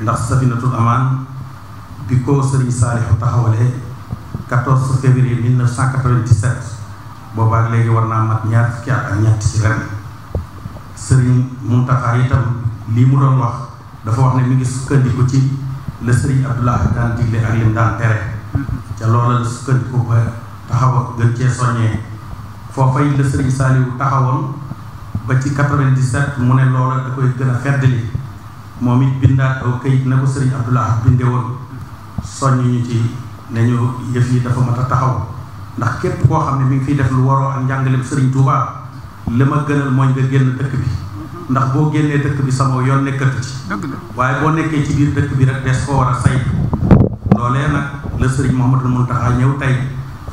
ndax safinatul amaan bi ko sëriñ Saalixu taxawalee 14 février 1997 boobaak léegi war naa mat ñaar fukki at ak ñett ci ren sëriñ Muntaxa itam lii mu doon wax dafa wax ne mu ngi sukkandiku ci la sëriñ Abdoulaye daan digle ak lim daan tere ca loola la sukkandiku ba taxaw ak gën cee soññee foofay la sëriñ Saaliwu taxawoon ba ci 97 mu ne loola da koy gën a feddali moom it bindaat aw kayit na ko sëriñ Abdullah binde woon soññ ñu ci ne ñu yëf yi dafa mat a taxaw ndax képp koo xam ne mi ngi fiy def lu waroo ak njàngaleem sëriñ Touba li ma gënal mooy nga génn dëkk bi ndax boo génnee dëkk bi sama yoon nekkatu ci waaye boo nekkee ci biir dëkk bi rek des koo war a say loolee nag la sëriñ Mouhamadou Mountakha ñëw tey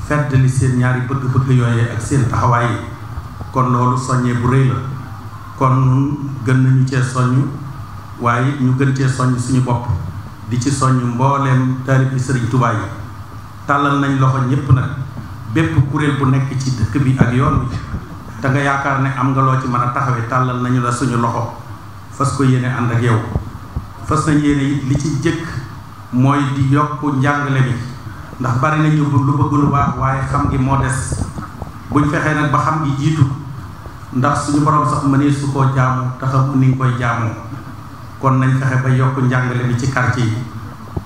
fedd li seen ñaari bëgg-bëgg yooyee ak seen taxawaay kon loolu soññee bu rëy la kon nun gën nañu cee waaye it ñu gën cee soññ suñu bopp di ci soññ mbooleem taalibi sëriñ tubaay yi tàllal nañ loxo ñépp nag bépp kuréel bu nekk ci dëkk bi ak yoon bi te nga yaakaar ne am nga loo ci mën a taxawee tàllal nañu la suñu loxo fas ko yéene ànd ak yow fas nañ yéene li ci jëkk mooy di yokk njàngale bi ndax bari na lu bëgg lu waaye xam gi moo des buñ fexee nag ba xam gi jiitu ndax suñu borom sax mënee su koo jaamu te xamu ni nga koy jaamoo kon nañ fexe ba yokk njàngale bi ci karti yi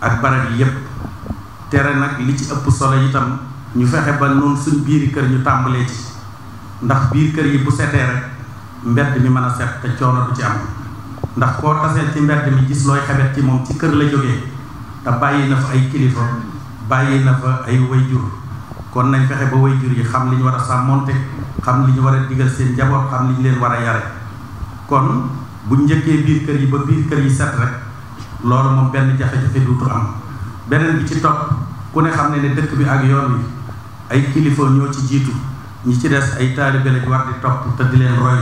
ak barab yi yépp tere nag li ci ëpp solo itam ñu fexe ba noonu suñ biiri kër ñu tàmbalee ci ndax biir kër yi bu setee rek mbedd mi mën a set te coono du ci am ndax koo tasee ci mbedd mi gis looy xebet ci moom ci kër la jóge te bàyyi na fa ay kilifa bàyyi na fa ay wayjur kon nañ fexe ba wayjur yi xam li ñu war a sàmmoonte xam li ñu war a digal seen njaboot xam li ñu leen war a yare kon bu njëkkee biir kër yi ba biir kër yi set rek loolu moom benn jafe-jafe duutu am beneen bi ci topp ku ne xam ne ne dëkk bi ak yoon wi ay kilifa ñoo ci jiitu ñi ci des ay taalibe lañ war di topp te di leen roy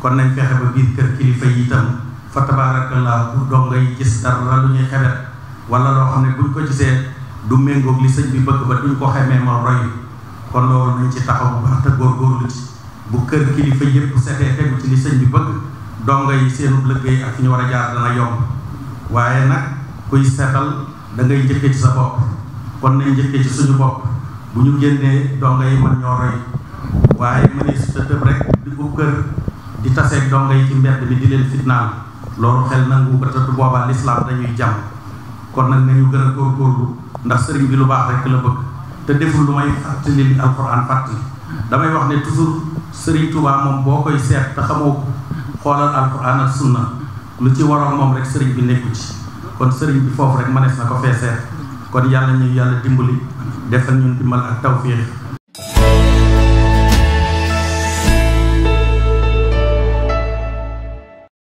kon nañ fexe ba biir kër kilifa yi itam fa tabaarakallaa bu dong ngay gis dara lu ñuy xebet wala loo xam ne buñ ko gisee du méngoog li sëñ bi bëgg ba duñ ko xemee ma roy kon loolu nañ ci taxaw bu baax te góorgóorlu ci bu kër kilifa yépp setee sëñ bi dongo yi seenu liggéey ak ñu war a jaar dana yomb waaye nag kuy seetal da ngay njëkkee ci sa bopp kon nañ njëkkee ci suñu bopp bu ñu génnee dongo yi man ñoo roy waaye ministre tëb rek di ko kër di taseeg dongo yi ci mbedd mi di leen fitnaal loolu xel nangu ko tëdd boobaa lislaam dañuy jàmm kon nag nañu gën a góorgóorlu ndax sëriñ bi lu baax rek la bëgg te deful lu may fàttali li alquran fàttali damay wax ne toujours sëriñ Touba moom boo koy seet te xoolal alquran ak sunna lu ci waroon moom rek sëriñ bi nekku ci kon sëriñ bi foofu rek manees na ko feeseer kon yàlla ñu yàlla dimbali defal ñun dimbal ak tawfiix